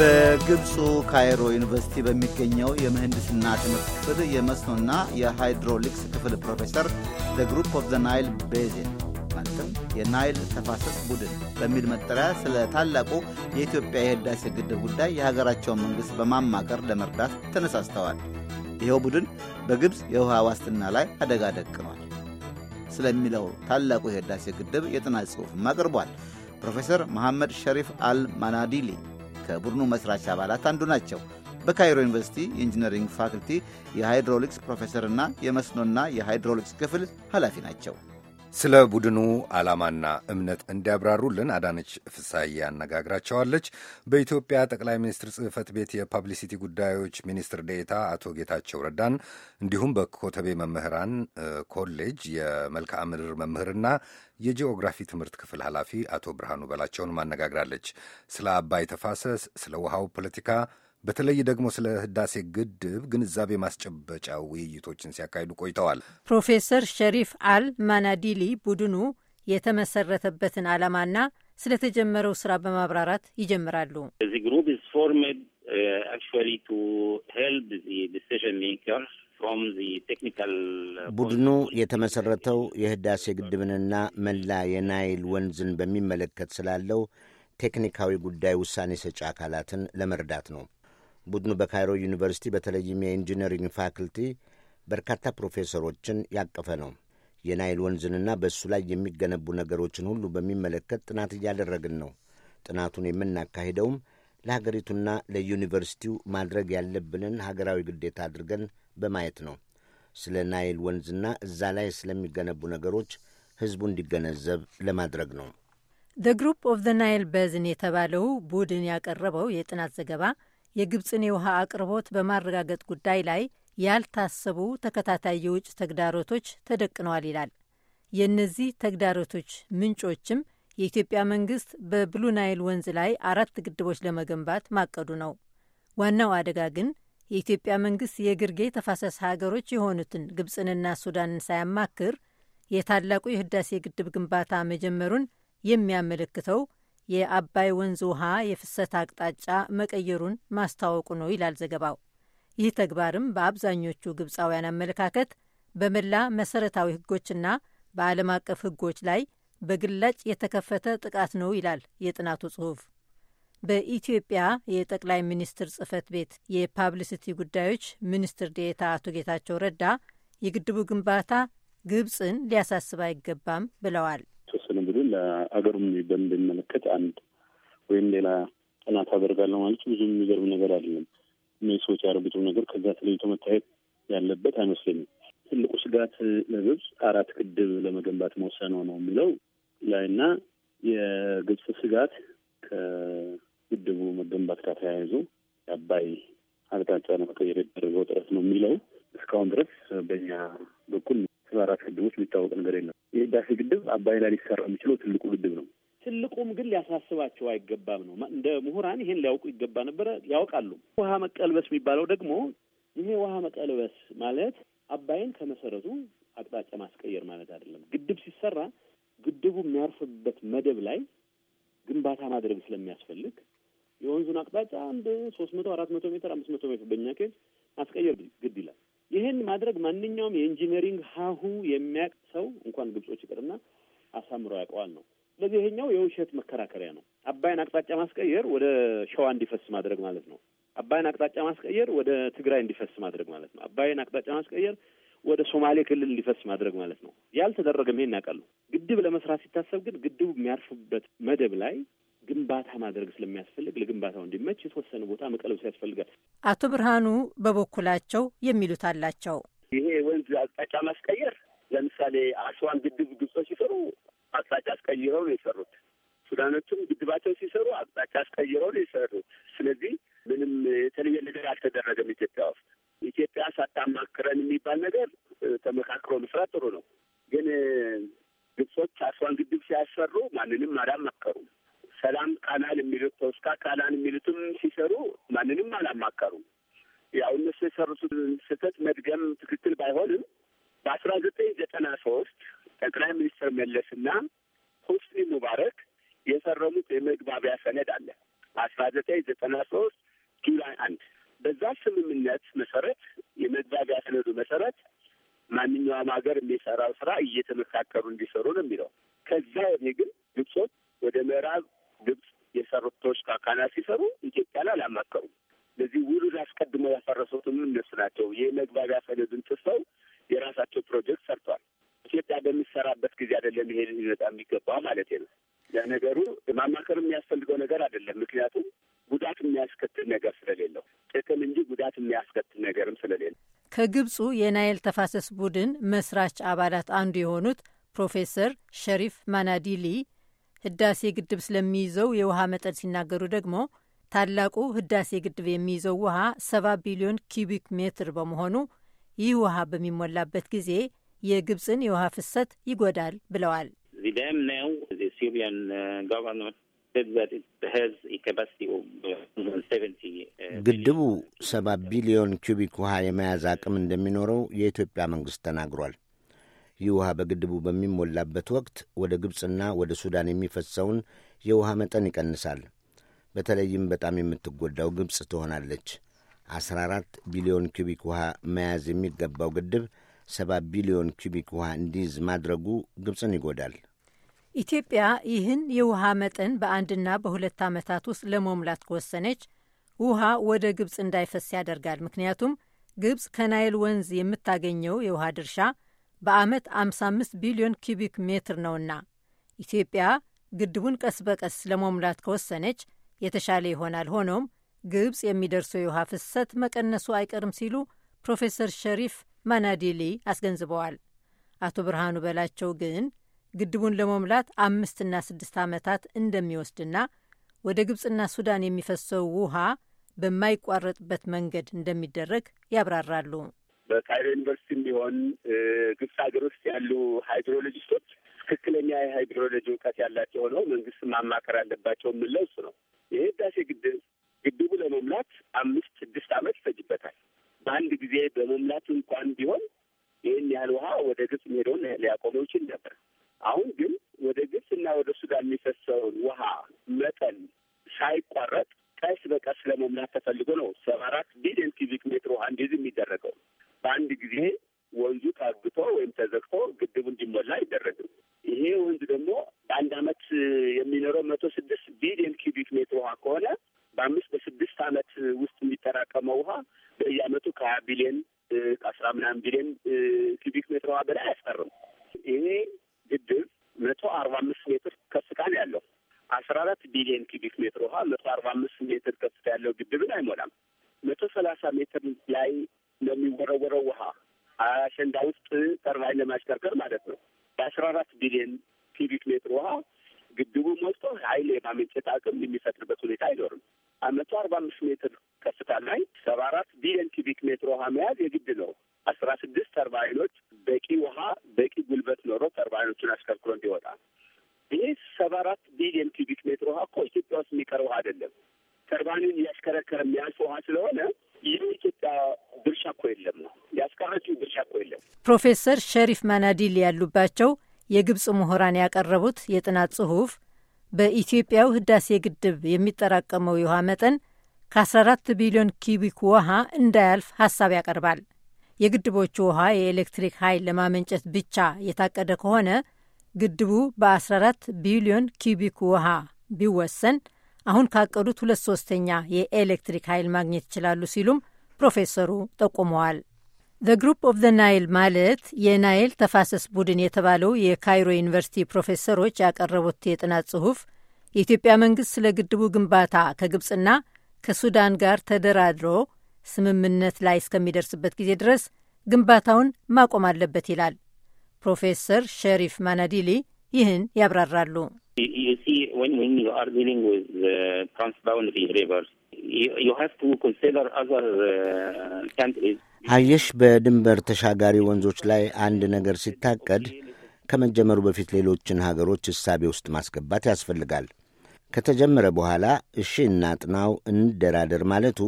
በግብፁ ካይሮ ዩኒቨርሲቲ በሚገኘው የምህንድስና ትምህርት ክፍል የመስኖና የሃይድሮሊክስ ክፍል ፕሮፌሰር ዘ ግሩፕ ኦፍ ዘ ናይል ቤዚን ማለትም የናይል ተፋሰስ ቡድን በሚል መጠሪያ ስለ ታላቁ የኢትዮጵያ የህዳሴ ግድብ ጉዳይ የሀገራቸውን መንግሥት በማማቀር ለመርዳት ተነሳስተዋል። ይኸው ቡድን በግብፅ የውሃ ዋስትና ላይ አደጋ ደቅኗል ስለሚለው ታላቁ የህዳሴ ግድብ የጥናት ጽሑፍም አቅርቧል። ፕሮፌሰር መሐመድ ሸሪፍ አል ማናዲሊ ከቡድኑ መስራች አባላት አንዱ ናቸው። በካይሮ ዩኒቨርሲቲ የኢንጂነሪንግ ፋክልቲ የሃይድሮሊክስ ፕሮፌሰርና የመስኖና የሃይድሮሊክስ ክፍል ኃላፊ ናቸው። ስለ ቡድኑ ዓላማና እምነት እንዲያብራሩልን አዳነች ፍሳዬ አነጋግራቸዋለች። በኢትዮጵያ ጠቅላይ ሚኒስትር ጽህፈት ቤት የፐብሊሲቲ ጉዳዮች ሚኒስትር ዴኤታ አቶ ጌታቸው ረዳን እንዲሁም በኮተቤ መምህራን ኮሌጅ የመልክዓ ምድር መምህርና የጂኦግራፊ ትምህርት ክፍል ኃላፊ አቶ ብርሃኑ በላቸውን ማነጋግራለች። ስለ አባይ ተፋሰስ፣ ስለ ውሃው ፖለቲካ በተለይ ደግሞ ስለ ህዳሴ ግድብ ግንዛቤ ማስጨበጫ ውይይቶችን ሲያካሂዱ ቆይተዋል። ፕሮፌሰር ሸሪፍ አል ማናዲሊ ቡድኑ የተመሰረተበትን ዓላማና ስለተጀመረው ስራ በማብራራት ይጀምራሉ። uh, uh, ቡድኑ የተመሰረተው የህዳሴ ግድብንና መላ የናይል ወንዝን በሚመለከት ስላለው ቴክኒካዊ ጉዳይ ውሳኔ ሰጪ አካላትን ለመርዳት ነው። ቡድኑ በካይሮ ዩኒቨርሲቲ በተለይም የኢንጂነሪንግ ፋክልቲ በርካታ ፕሮፌሰሮችን ያቀፈ ነው። የናይል ወንዝንና በእሱ ላይ የሚገነቡ ነገሮችን ሁሉ በሚመለከት ጥናት እያደረግን ነው። ጥናቱን የምናካሂደውም ለሀገሪቱና ለዩኒቨርሲቲው ማድረግ ያለብንን ሀገራዊ ግዴታ አድርገን በማየት ነው። ስለ ናይል ወንዝና እዛ ላይ ስለሚገነቡ ነገሮች ህዝቡ እንዲገነዘብ ለማድረግ ነው። ዘ ግሩፕ ኦፍ ዘ ናይል በዝን የተባለው ቡድን ያቀረበው የጥናት ዘገባ የግብፅን የውሃ አቅርቦት በማረጋገጥ ጉዳይ ላይ ያልታሰቡ ተከታታይ የውጭ ተግዳሮቶች ተደቅነዋል ይላል። የእነዚህ ተግዳሮቶች ምንጮችም የኢትዮጵያ መንግስት በብሉ ናይል ወንዝ ላይ አራት ግድቦች ለመገንባት ማቀዱ ነው። ዋናው አደጋ ግን የኢትዮጵያ መንግስት የግርጌ ተፋሰስ ሀገሮች የሆኑትን ግብፅንና ሱዳንን ሳያማክር የታላቁ የህዳሴ ግድብ ግንባታ መጀመሩን የሚያመለክተው የአባይ ወንዝ ውሃ የፍሰት አቅጣጫ መቀየሩን ማስታወቁ ነው ይላል ዘገባው። ይህ ተግባርም በአብዛኞቹ ግብፃውያን አመለካከት በመላ መሰረታዊ ህጎችና በዓለም አቀፍ ህጎች ላይ በግላጭ የተከፈተ ጥቃት ነው ይላል የጥናቱ ጽሑፍ። በኢትዮጵያ የጠቅላይ ሚኒስትር ጽህፈት ቤት የፓብሊሲቲ ጉዳዮች ሚኒስትር ዴታ አቶ ጌታቸው ረዳ የግድቡ ግንባታ ግብፅን ሊያሳስብ አይገባም ብለዋል። ለአገሩም በሚመለከት አንድ ወይም ሌላ ጥናት አደርጋለሁ ማለት ብዙ የሚገርም ነገር አይደለም። እነዚህ ሰዎች ያደረጉትን ነገር ከዛ ተለይቶ መታየት ያለበት አይመስለኝም። ትልቁ ስጋት ለግብጽ አራት ግድብ ለመገንባት መወሰኗ ነው የሚለው ላይ እና የግብጽ ስጋት ከግድቡ መገንባት ጋር ተያይዞ የአባይ አቅጣጫ ለመቀየር የተደረገው ጥረት ነው የሚለው እስካሁን ድረስ በእኛ በኩል አራት ግድቦች የሚታወቅ ነገር የለም። የህዳሴ ግድብ አባይ ላይ ሊሰራ የሚችለው ትልቁ ግድብ ነው። ትልቁም ግን ሊያሳስባቸው አይገባም ነው። እንደ ምሁራን ይሄን ሊያውቁ ይገባ ነበረ፣ ያውቃሉ። ውሃ መቀልበስ የሚባለው ደግሞ ይሄ ውሃ መቀልበስ ማለት አባይን ከመሰረቱ አቅጣጫ ማስቀየር ማለት አይደለም። ግድብ ሲሰራ ግድቡ የሚያርፍበት መደብ ላይ ግንባታ ማድረግ ስለሚያስፈልግ የወንዙን አቅጣጫ አንድ ሶስት መቶ አራት መቶ ሜትር አምስት መቶ ሜትር በእኛ ኬዝ ማስቀየር ግድ ይላል። ይህን ማድረግ ማንኛውም የኢንጂነሪንግ ሀሁ የሚያውቅ ሰው እንኳን ግብጾች ይቅርና አሳምሮ ያውቀዋል ነው። ስለዚህ ይሄኛው የውሸት መከራከሪያ ነው። አባይን አቅጣጫ ማስቀየር ወደ ሸዋ እንዲፈስ ማድረግ ማለት ነው። አባይን አቅጣጫ ማስቀየር ወደ ትግራይ እንዲፈስ ማድረግ ማለት ነው። አባይን አቅጣጫ ማስቀየር ወደ ሶማሌ ክልል እንዲፈስ ማድረግ ማለት ነው። ያልተደረገም ይሄን ያውቃሉ። ግድብ ለመስራት ሲታሰብ ግን ግድቡ የሚያርፍበት መደብ ላይ ግንባታ ማድረግ ስለሚያስፈልግ ለግንባታው እንዲመች የተወሰነ ቦታ መቀልበስ ያስፈልጋል። አቶ ብርሃኑ በበኩላቸው የሚሉት አላቸው። ይሄ ወንዝ አቅጣጫ ማስቀየር ለምሳሌ አስዋን ግድብ ግብጾች ሲሰሩ አቅጣጫ አስቀይረው ነው የሰሩት። ሱዳኖቹም ግድባቸው ሲሰሩ አቅጣጫ አስቀይረው ነው የሰሩት። ስለዚህ ምንም የተለየ ነገር አልተደረገም ኢትዮጵያ ውስጥ። ኢትዮጵያ ሳታማክረን የሚባል ነገር ተመካክሮ መስራት ጥሩ ነው፣ ግን ግብጾች አስዋን ግድብ ሲያሰሩ ማንንም አላማከሩም። ሰላም ቃላን የሚሉት ተውስካ ቃላን የሚሉትም ሲሰሩ ማንንም አላማከሩም። ያው እነሱ የሰሩትን ስህተት መድገም ትክክል ባይሆንም በአስራ ዘጠኝ ዘጠና ሶስት ጠቅላይ ሚኒስትር መለስና ሁስኒ ሙባረክ የፈረሙት የመግባቢያ ሰነድ አለ። በአስራ ዘጠኝ ዘጠና ሶስት ከግብፁ የናይል ተፋሰስ ቡድን መስራች አባላት አንዱ የሆኑት ፕሮፌሰር ሸሪፍ ማናዲሊ ህዳሴ ግድብ ስለሚይዘው የውሃ መጠን ሲናገሩ ደግሞ ታላቁ ህዳሴ ግድብ የሚይዘው ውሃ 70 ቢሊዮን ኪቢክ ሜትር በመሆኑ ይህ ውሃ በሚሞላበት ጊዜ የግብፅን የውሃ ፍሰት ይጎዳል ብለዋል። ግድቡ ሰባ ቢሊዮን ኪዩቢክ ውሃ የመያዝ አቅም እንደሚኖረው የኢትዮጵያ መንግሥት ተናግሯል። ይህ ውሃ በግድቡ በሚሞላበት ወቅት ወደ ግብፅና ወደ ሱዳን የሚፈሰውን የውሃ መጠን ይቀንሳል። በተለይም በጣም የምትጎዳው ግብፅ ትሆናለች። 14 ቢሊዮን ኪቢክ ውሃ መያዝ የሚገባው ግድብ ሰባ ቢሊዮን ኪቢክ ውሃ እንዲይዝ ማድረጉ ግብፅን ይጎዳል። ኢትዮጵያ ይህን የውሃ መጠን በአንድና በሁለት ዓመታት ውስጥ ለመሙላት ከወሰነች ውሃ ወደ ግብፅ እንዳይፈስ ያደርጋል። ምክንያቱም ግብፅ ከናይል ወንዝ የምታገኘው የውሃ ድርሻ በዓመት 55 ቢሊዮን ኪቢክ ሜትር ነውና ኢትዮጵያ ግድቡን ቀስ በቀስ ለመሙላት ከወሰነች የተሻለ ይሆናል። ሆኖም ግብፅ የሚደርሰው የውሃ ፍሰት መቀነሱ አይቀርም ሲሉ ፕሮፌሰር ሸሪፍ ማናዲሊ አስገንዝበዋል። አቶ ብርሃኑ በላቸው ግን ግድቡን ለመሙላት አምስትና ስድስት ዓመታት እንደሚወስድና ወደ ግብፅና ሱዳን የሚፈሰው ውሃ በማይቋረጥበት መንገድ እንደሚደረግ ያብራራሉ። በካይሮ ዩኒቨርሲቲ ቢሆን ግብፅ ሀገር ውስጥ ያሉ ሃይድሮሎጂስቶች ትክክለኛ የሃይድሮሎጂ እውቀት ያላቸው ሆነው መንግስት ማማከር አለባቸው የምለው እሱ ነው። ይህ ግድብ ግድቡ ለመሙላት አምስት ስድስት ዓመት ይፈጅበታል። በአንድ ጊዜ በመሙላት እንኳን ቢሆን ይህን ያህል ውሃ ወደ ግብፅ መሄደውን ሊያቆመው ይችል ነበር። አሁን ግን ወደ ግብጽ እና ወደ ሱዳን የሚፈሰውን ውሃ መጠን ሳይቋረጥ ቀስ በቀስ ለመሙላት ተፈልጎ ነው ሰባ አራት ቢሊዮን ኪዩቢክ ሜትር ውሃ እንዲዝ የሚደረገው በአንድ ጊዜ ወንዙ ታግቶ ወይም ተዘግቶ ኪቢክ ሜትር ውሃ ግድቡ ሞልቶ ኃይል የማመንጨት አቅም የሚፈጥርበት ሁኔታ አይኖርም። መቶ አርባ አምስት ሜትር ከፍታ ላይ ሰባ አራት ቢሊዮን ኪቢክ ሜትር ውሃ መያዝ የግድ ነው። አስራ ስድስት ተርባይኖች በቂ ውሃ በቂ ጉልበት ኖሮ ተርባይኖቹን አሽከርክሮ እንዲወጣ። ይሄ ሰባ አራት ቢሊዮን ኪቢክ ሜትር ውሃ እኮ ኢትዮጵያ ውስጥ የሚቀር ውሃ አይደለም። ተርባይኑን እያሽከረከረ የሚያልፍ ውሃ ስለሆነ ይህ ኢትዮጵያ ድርሻ እኮ የለም ነው ያስቀረችው ድርሻ እኮ የለም። ፕሮፌሰር ሸሪፍ ማናዲል ያሉባቸው የግብፅ ምሁራን ያቀረቡት የጥናት ጽሑፍ በኢትዮጵያው ህዳሴ ግድብ የሚጠራቀመው የውሃ መጠን ከ14 ቢሊዮን ኪቢክ ውሃ እንዳያልፍ ሀሳብ ያቀርባል። የግድቦቹ ውሃ የኤሌክትሪክ ኃይል ለማመንጨት ብቻ የታቀደ ከሆነ ግድቡ በ14 ቢሊዮን ኪቢክ ውሃ ቢወሰን አሁን ካቀዱት ሁለት ሶስተኛ የኤሌክትሪክ ኃይል ማግኘት ይችላሉ ሲሉም ፕሮፌሰሩ ጠቁመዋል። ዘ ግሩፕ ኦፍ ዘ ናይል ማለት የናይል ተፋሰስ ቡድን የተባለው የካይሮ ዩኒቨርሲቲ ፕሮፌሰሮች ያቀረቡት የጥናት ጽሑፍ የኢትዮጵያ መንግሥት ስለ ግድቡ ግንባታ ከግብፅና ከሱዳን ጋር ተደራድሮ ስምምነት ላይ እስከሚደርስበት ጊዜ ድረስ ግንባታውን ማቆም አለበት ይላል። ፕሮፌሰር ሸሪፍ ማናዲሊ ይህን ያብራራሉ። አየሽ uh, በድንበር ተሻጋሪ ወንዞች ላይ አንድ ነገር ሲታቀድ ከመጀመሩ በፊት ሌሎችን ሀገሮች እሳቤ ውስጥ ማስገባት ያስፈልጋል። ከተጀመረ በኋላ እሺ እናጥናው፣ እንደራደር ማለቱ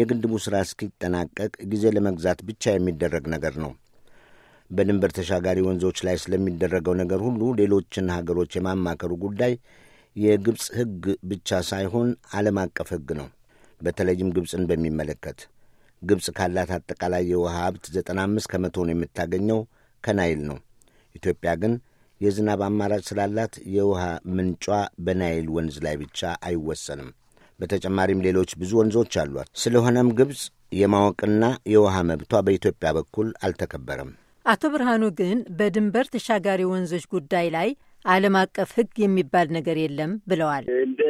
የግድቡ ሥራ እስኪጠናቀቅ ጊዜ ለመግዛት ብቻ የሚደረግ ነገር ነው። በድንበር ተሻጋሪ ወንዞች ላይ ስለሚደረገው ነገር ሁሉ ሌሎችን ሀገሮች የማማከሩ ጉዳይ የግብፅ ሕግ ብቻ ሳይሆን ዓለም አቀፍ ሕግ ነው። በተለይም ግብፅን በሚመለከት ግብፅ ካላት አጠቃላይ የውሃ ሀብት 95 ከመቶውን የምታገኘው ከናይል ነው። ኢትዮጵያ ግን የዝናብ አማራጭ ስላላት የውሃ ምንጯ በናይል ወንዝ ላይ ብቻ አይወሰንም። በተጨማሪም ሌሎች ብዙ ወንዞች አሏት። ስለሆነም ግብፅ የማወቅና የውሃ መብቷ በኢትዮጵያ በኩል አልተከበረም። አቶ ብርሃኑ ግን በድንበር ተሻጋሪ ወንዞች ጉዳይ ላይ ዓለም አቀፍ ሕግ የሚባል ነገር የለም ብለዋል። እንደ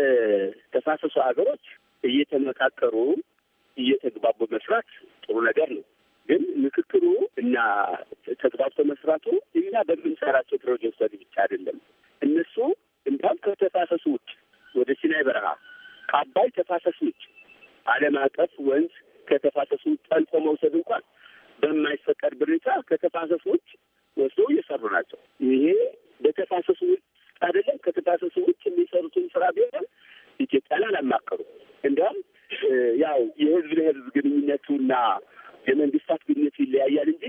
ተፋሰሱ አገሮች እየተመካከሩ እየተግባቡ መስራት ጥሩ ነገር ነው። ግን ምክክሩ እና ተግባብቶ መስራቱ እኛ በምንሰራቸው ፕሮጀክቶች ብቻ አይደለም። እነሱ እንዲያውም ከተፋሰሱ ውጭ ወደ ሲናይ በረሃ ከአባይ ተፋሰሱ ውጭ ዓለም አቀፍ ወንዝ ከተፋሰሱ ጠልቆ መውሰድ እንኳን በማይፈቀድ ብሬታ ከተፋሰሱ ውጭ ወስዶ እየሰሩ ናቸው። ይሄ በተፋሰሱ ውጭ አይደለም ከተፋሰሱ ውጭ የሚሰሩትን ስራ ቢሆን ኢትዮጵያን አላማከሩ። እንዲያውም ያው የህዝብ ለህዝብ ግንኙነቱና የመንግስታት ግንኙነቱ ይለያያል እንጂ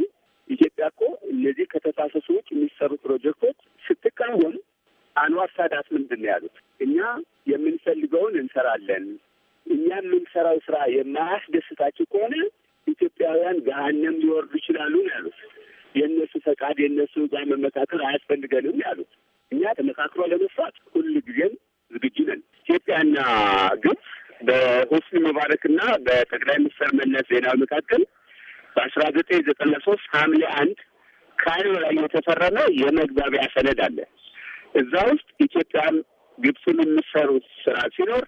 ኢትዮጵያ እኮ እነዚህ ከተፋሰሱ የሚሰሩ ፕሮጀክቶች ስትቃወም አንዋር ሳዳት ምንድን ነው ያሉት? እኛ የምንፈልገውን እንሰራለን። እኛ የምንሰራው ስራ የማያስደስታቸው ከሆነ ኢትዮጵያውያን ገሀነም ሊወርዱ ይችላሉ ነው ያሉት። የእነሱ ፈቃድ የእነሱ ጋር መመካከል አያስፈልገንም ያሉት። እኛ ተመካክሮ ለመስራት ሁል ጊዜም ዝግጁ ነን። ኢትዮጵያና ግብጽ በሆስኒ ሙባረክና በጠቅላይ ሚኒስትር መለስ ዜናዊ መካከል በአስራ ዘጠኝ ዘጠና ሶስት ሐምሌ አንድ ካይሮ ላይ የተፈረመ የመግባቢያ ሰነድ አለ። እዛ ውስጥ ኢትዮጵያም ግብፅም የሚሰሩት ስራ ሲኖር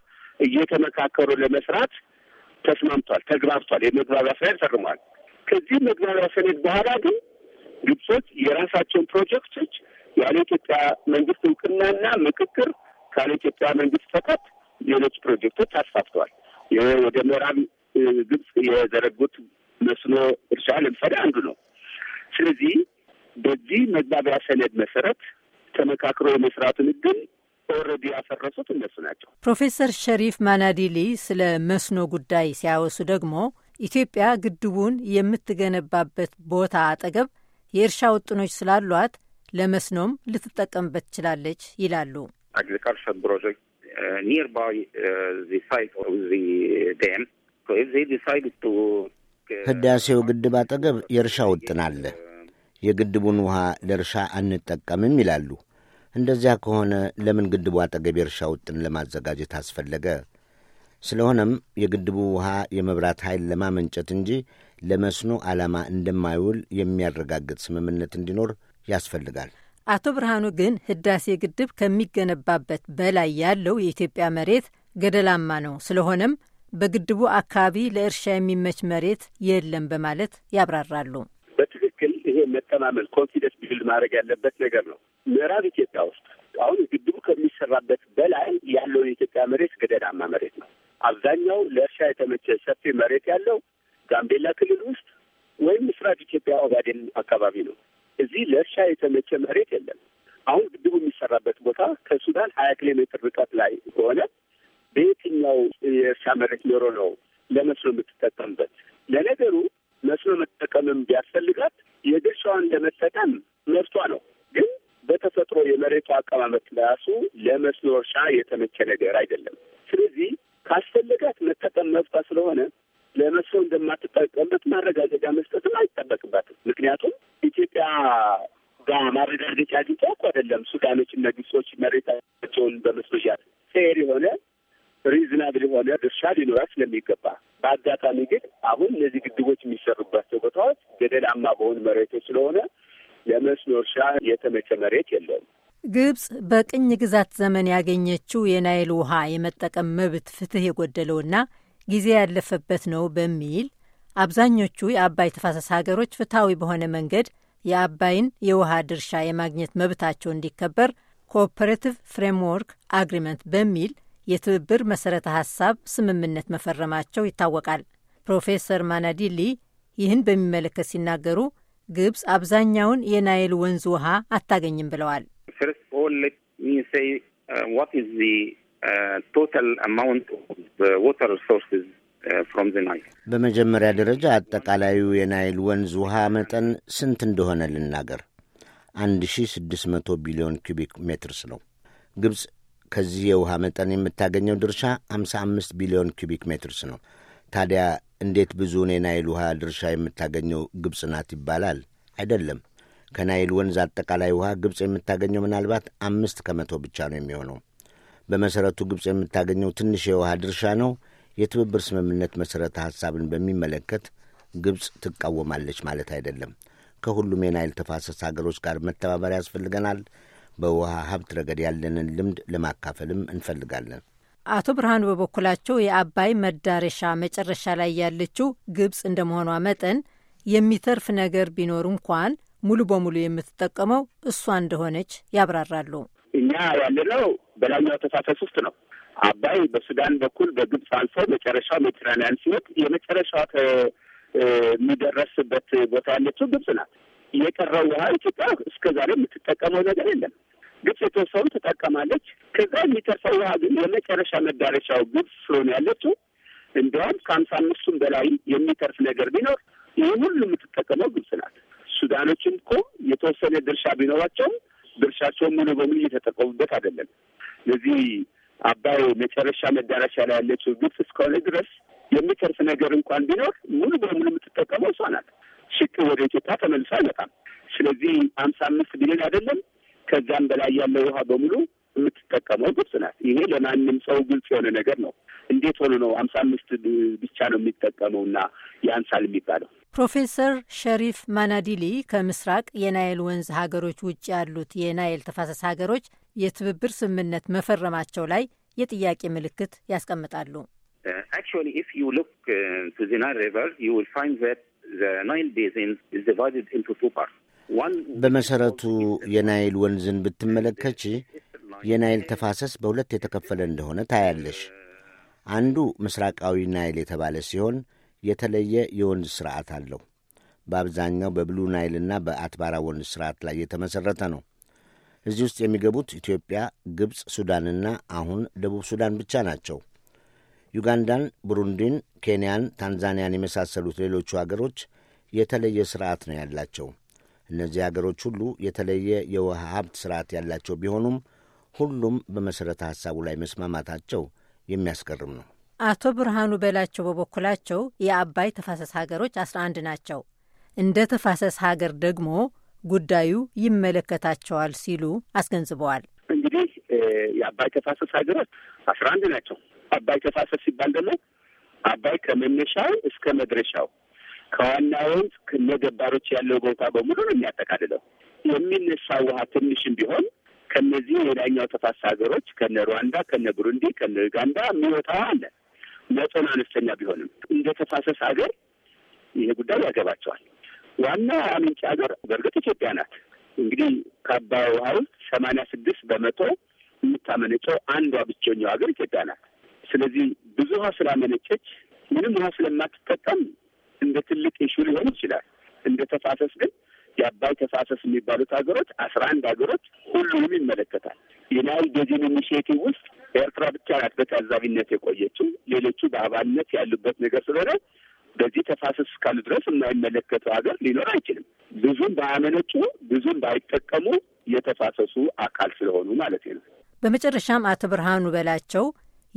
እየተመካከሩ ለመስራት ተስማምቷል፣ ተግባብቷል። የመግባቢያ ሰነድ ፈርሟል። ከዚህ መግባቢያ ሰነድ በኋላ ግን ግብጾች የራሳቸውን ፕሮጀክቶች ያለ ኢትዮጵያ መንግስት እውቅናና ምክክር ለምሳሌ ኢትዮጵያ መንግስት ፈቃድ ሌሎች ፕሮጀክቶች አስፋፍተዋል። ወደ ምዕራብ ግብጽ የዘረጉት መስኖ እርሻ ለምሳሌ አንዱ ነው። ስለዚህ በዚህ መግባቢያ ሰነድ መሰረት ተመካክሮ የመስራቱን እድል ኦልሬዲ ያፈረሱት እነሱ ናቸው። ፕሮፌሰር ሸሪፍ ማናዲሊ ስለ መስኖ ጉዳይ ሲያወሱ ደግሞ ኢትዮጵያ ግድቡን የምትገነባበት ቦታ አጠገብ የእርሻ ውጥኖች ስላሏት ለመስኖም ልትጠቀምበት ትችላለች ይላሉ። agricultural project uh, nearby uh, the site of the dam. So if they decided to uh, ህዳሴው ግድብ አጠገብ የእርሻ ውጥን አለ። uh, የግድቡን ውሃ ለእርሻ አንጠቀምም ይላሉ። እንደዚያ ከሆነ ለምን ግድቡ አጠገብ የእርሻ ውጥን ለማዘጋጀት አስፈለገ? ስለሆነም የግድቡ ውሃ የመብራት ኃይል ለማመንጨት እንጂ ለመስኖ ዓላማ እንደማይውል የሚያረጋግጥ ስምምነት እንዲኖር ያስፈልጋል። አቶ ብርሃኑ ግን ህዳሴ ግድብ ከሚገነባበት በላይ ያለው የኢትዮጵያ መሬት ገደላማ ነው፣ ስለሆነም በግድቡ አካባቢ ለእርሻ የሚመች መሬት የለም በማለት ያብራራሉ። በትክክል ይሄ መጠማመን ኮንፊደንስ ቢልድ ማድረግ ያለበት ነገር ነው። ምዕራብ ኢትዮጵያ ውስጥ አሁን ግድቡ ከሚሰራበት በላይ ያለው የኢትዮጵያ መሬት ገደላማ መሬት ነው። አብዛኛው ለእርሻ የተመቸ ሰፊ መሬት ያለው ጋምቤላ ክልል ውስጥ ወይም ምስራቅ ኢትዮጵያ ኦጋዴን አካባቢ ነው። እዚህ ለእርሻ የተመቸ መሬት የለም። አሁን ግድቡ የሚሰራበት ቦታ ከሱዳን ሀያ ኪሎ ሜትር ርቀት ላይ ከሆነ በየትኛው የእርሻ መሬት ኖሮ ነው ለመስኖ የምትጠቀምበት? ለነገሩ መስኖ መጠቀምም ቢያስፈልጋት የድርሻዋን ለመጠቀም መብቷ ነው። ግን በተፈጥሮ የመሬቱ አቀማመጥ ራሱ ለመስኖ እርሻ የተመቸ ነገር አይደለም። ስለዚህ ካስፈለጋት መጠቀም መብቷ ስለሆነ ለመሶ እንደማትጠቀምበት ማረጋገጫ መስጠትም አይጠበቅበትም። ምክንያቱም ኢትዮጵያ ጋር ማረጋገጫ አግኝቶ እኮ አይደለም ሱዳኖች እና ግብጾች መሬታቸውን በመስኖ ያል ፌር የሆነ ሪዝናብል የሆነ ድርሻ ሊኖራት ስለሚገባ በአጋጣሚ ግን አሁን እነዚህ ግድቦች የሚሰሩባቸው ቦታዎች ገደላማ በሆኑ መሬቶች ስለሆነ ለመስኖ እርሻ የተመቸ መሬት የለውም። ግብጽ በቅኝ ግዛት ዘመን ያገኘችው የናይል ውሃ የመጠቀም መብት ፍትህ የጎደለውና ጊዜ ያለፈበት ነው በሚል አብዛኞቹ የአባይ ተፋሰስ ሀገሮች ፍትሐዊ በሆነ መንገድ የአባይን የውሃ ድርሻ የማግኘት መብታቸው እንዲከበር ኮኦፐሬቲቭ ፍሬምወርክ አግሪመንት በሚል የትብብር መሰረተ ሀሳብ ስምምነት መፈረማቸው ይታወቃል። ፕሮፌሰር ማናዲሊ ይህን በሚመለከት ሲናገሩ ግብፅ አብዛኛውን የናይል ወንዝ ውሃ አታገኝም ብለዋል። ቶታል አማውንት ሶርስስ ፍሮም ዘ ናይል። በመጀመሪያ ደረጃ አጠቃላዩ የናይል ወንዝ ውሃ መጠን ስንት እንደሆነ ልናገር። 1600 ቢሊዮን ኪቢክ ሜትርስ ነው። ግብፅ ከዚህ የውሃ መጠን የምታገኘው ድርሻ 55 ቢሊዮን ኪቢክ ሜትርስ ነው። ታዲያ እንዴት ብዙውን የናይል ውሃ ድርሻ የምታገኘው ግብፅ ናት ይባላል? አይደለም። ከናይል ወንዝ አጠቃላይ ውሃ ግብፅ የምታገኘው ምናልባት አምስት ከመቶ ብቻ ነው የሚሆነው። በመሠረቱ ግብፅ የምታገኘው ትንሽ የውሃ ድርሻ ነው። የትብብር ስምምነት መሠረተ ሐሳብን በሚመለከት ግብፅ ትቃወማለች ማለት አይደለም። ከሁሉም የናይል ተፋሰስ ሀገሮች ጋር መተባበር ያስፈልገናል። በውሃ ሀብት ረገድ ያለንን ልምድ ለማካፈልም እንፈልጋለን። አቶ ብርሃኑ በበኩላቸው የአባይ መዳረሻ መጨረሻ ላይ ያለችው ግብፅ እንደመሆኗ መጠን የሚተርፍ ነገር ቢኖር እንኳን ሙሉ በሙሉ የምትጠቀመው እሷ እንደሆነች ያብራራሉ። እኛ ያለነው በላይኛው ተፋሰስ ውስጥ ነው። አባይ በሱዳን በኩል በግብፅ አልፎ መጨረሻው ሜዲትራንያን ሲወጥ የመጨረሻ የሚደረስበት ቦታ ያለችው ግብፅ ናት። የቀረው ውሃ ኢትዮጵያ እስከ ዛሬ የምትጠቀመው ነገር የለም። ግብፅ የተወሰኑ ትጠቀማለች። ከዛ የሚተርፈው ውሃ ግን የመጨረሻ መዳረሻው ግብፅ ስለሆነ ያለችው እንዲያውም ከአምሳ አምስቱም በላይ የሚተርፍ ነገር ቢኖር ይህ ሁሉ የምትጠቀመው ግብፅ ናት። ሱዳኖችም እኮ የተወሰነ ድርሻ ቢኖራቸውም ድርሻቸውን ሙሉ በሙሉ እየተጠቀሙበት አይደለም። ስለዚህ አባይ መጨረሻ መዳረሻ ላይ ያለችው ግብጽ እስከሆነ ድረስ የሚተርፍ ነገር እንኳን ቢኖር ሙሉ በሙሉ የምትጠቀመው እሷ ናት። ሽቅ ወደ ኢትዮጵያ ተመልሶ አይመጣም። ስለዚህ አምሳ አምስት ቢሊዮን አይደለም ከዛም በላይ ያለው ውሃ በሙሉ የምትጠቀመው ግብጽ ናት። ይሄ ለማንም ሰው ግልጽ የሆነ ነገር ነው። እንዴት ሆኖ ነው አምሳ አምስት ብቻ ነው የሚጠቀመው የሚጠቀመውና ያንሳል የሚባለው? ፕሮፌሰር ሸሪፍ ማናዲሊ ከምስራቅ የናይል ወንዝ ሀገሮች ውጭ ያሉት የናይል ተፋሰስ ሀገሮች የትብብር ስምምነት መፈረማቸው ላይ የጥያቄ ምልክት ያስቀምጣሉ። uh, uh, በመሰረቱ የናይል ወንዝን ብትመለከች የናይል ተፋሰስ በሁለት የተከፈለ እንደሆነ ታያለሽ። አንዱ ምስራቃዊ ናይል የተባለ ሲሆን የተለየ የወንዝ ስርዓት አለው። በአብዛኛው በብሉ ናይልና በአትባራ ወንዝ ስርዓት ላይ የተመሠረተ ነው። እዚህ ውስጥ የሚገቡት ኢትዮጵያ፣ ግብፅ፣ ሱዳንና አሁን ደቡብ ሱዳን ብቻ ናቸው። ዩጋንዳን፣ ቡሩንዲን፣ ኬንያን፣ ታንዛኒያን የመሳሰሉት ሌሎቹ አገሮች የተለየ ስርዓት ነው ያላቸው። እነዚህ አገሮች ሁሉ የተለየ የውሃ ሀብት ስርዓት ያላቸው ቢሆኑም ሁሉም በመሠረተ ሐሳቡ ላይ መስማማታቸው የሚያስገርም ነው። አቶ ብርሃኑ በላቸው በበኩላቸው የአባይ ተፋሰስ ሀገሮች 11 ናቸው፣ እንደ ተፋሰስ ሀገር ደግሞ ጉዳዩ ይመለከታቸዋል ሲሉ አስገንዝበዋል። እንግዲህ የአባይ ተፋሰስ ሀገሮች አስራ አንድ ናቸው። አባይ ተፋሰስ ሲባል ደግሞ አባይ ከመነሻው እስከ መድረሻው ከዋና ወንዝ ከነገባሮች ያለው ቦታ በሙሉ ነው የሚያጠቃልለው። የሚነሳ ውሃ ትንሽም ቢሆን ከነዚህ የላይኛው ተፋሰስ ሀገሮች ከነ ሩዋንዳ፣ ከነ ብሩንዲ፣ ከነ ዩጋንዳ የሚወጣ አለ። መጠኑ አነስተኛ ቢሆንም እንደ ተፋሰስ ሀገር ይሄ ጉዳይ ያገባቸዋል። ዋና አምንጭ ሀገር በእርግጥ ኢትዮጵያ ናት። እንግዲህ ከአባይ ውሃ ውስጥ ሰማንያ ስድስት በመቶ የምታመነጨው አንዷ ብቸኛው ሀገር ኢትዮጵያ ናት። ስለዚህ ብዙ ውሃ ስላመነጨች ምንም ውሃ ስለማትጠቀም እንደ ትልቅ ኢሹ ሊሆን ይችላል። እንደ ተፋሰስ ግን የአባይ ተፋሰስ የሚባሉት ሀገሮች አስራ አንድ ሀገሮች ሁሉንም ይመለከታል። የናይል ቤዚን ኢኒሽቲቭ ውስጥ ኤርትራ ብቻ ናት በታዛቢነት የቆየችው። ሌሎቹ በአባልነት ያሉበት ነገር ስለሆነ በዚህ ተፋሰስ እስካሉ ድረስ የማይመለከተው ሀገር ሊኖር አይችልም። ብዙም ባያመነጩ፣ ብዙም ባይጠቀሙ የተፋሰሱ አካል ስለሆኑ ማለት ነው። በመጨረሻም አቶ ብርሃኑ በላቸው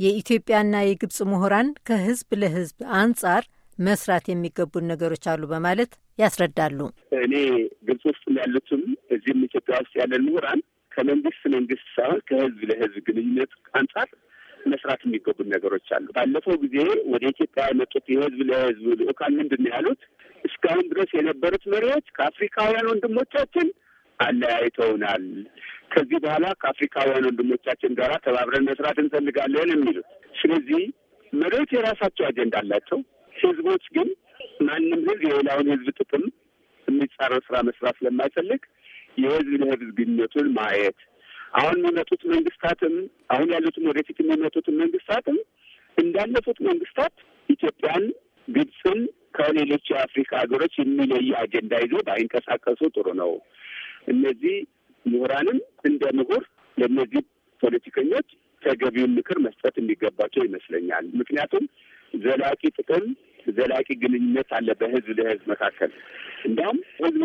የኢትዮጵያና የግብፅ ምሁራን ከህዝብ ለህዝብ አንጻር መስራት የሚገቡን ነገሮች አሉ በማለት ያስረዳሉ። እኔ ግብጽ ውስጥ ያሉትም እዚህም ኢትዮጵያ ውስጥ ያለን ምሁራን ከመንግስት መንግስት ሳይሆን ከህዝብ ለህዝብ ግንኙነት አንጻር መስራት የሚገቡን ነገሮች አሉ። ባለፈው ጊዜ ወደ ኢትዮጵያ የመጡት የህዝብ ለህዝብ ልኡካን ምንድን ያሉት? እስካሁን ድረስ የነበሩት መሪዎች ከአፍሪካውያን ወንድሞቻችን አለያይተውናል። ከዚህ በኋላ ከአፍሪካውያን ወንድሞቻችን ጋር ተባብረን መስራት እንፈልጋለን የሚሉት። ስለዚህ መሪዎች የራሳቸው አጀንዳ አላቸው። ህዝቦች ግን ማንም ህዝብ የሌላውን ህዝብ ጥቅም የሚጻረር ስራ መስራት ስለማይፈልግ የህዝብ ለህዝብ ግንኙነቱን ማየት አሁን የሚመጡት መንግስታትም አሁን ያሉትም ወደፊት የሚመጡትን መንግስታትም እንዳለፉት መንግስታት ኢትዮጵያን፣ ግብፅን ከሌሎች የአፍሪካ ሀገሮች የሚለይ አጀንዳ ይዞ ባይንቀሳቀሱ ጥሩ ነው። እነዚህ ምሁራንም እንደ ምሁር ለእነዚህ ፖለቲከኞች ተገቢውን ምክር መስጠት የሚገባቸው ይመስለኛል። ምክንያቱም ዘላቂ ጥቅም ዘላቂ ግንኙነት አለ በህዝብ ለህዝብ መካከል። እንዲያውም ህዝብ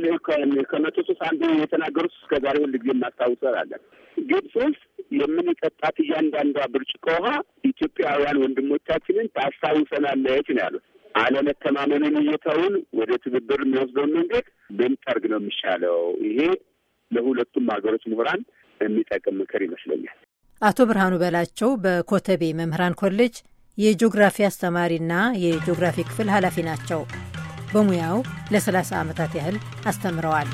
ከመቶ ሶስት አንዱ የተናገሩት ዛሬ ሁል ጊዜ እናስታውሰናለን። ግብጽ ውስጥ የምንጠጣት እያንዳንዷ ብርጭቆ ውሃ ኢትዮጵያውያን ወንድሞቻችንን ታስታውሰናለች ነው ያሉት። አለመተማመንን እየተውን ወደ ትብብር የሚወስደውን መንገድ ብንጠርግ ነው የሚሻለው። ይሄ ለሁለቱም ሀገሮች ምሁራን የሚጠቅም ምክር ይመስለኛል። አቶ ብርሃኑ በላቸው በኮተቤ መምህራን ኮሌጅ የጂኦግራፊ አስተማሪና የጂኦግራፊ ክፍል ኃላፊ ናቸው። በሙያው ለ30 ዓመታት ያህል አስተምረዋል።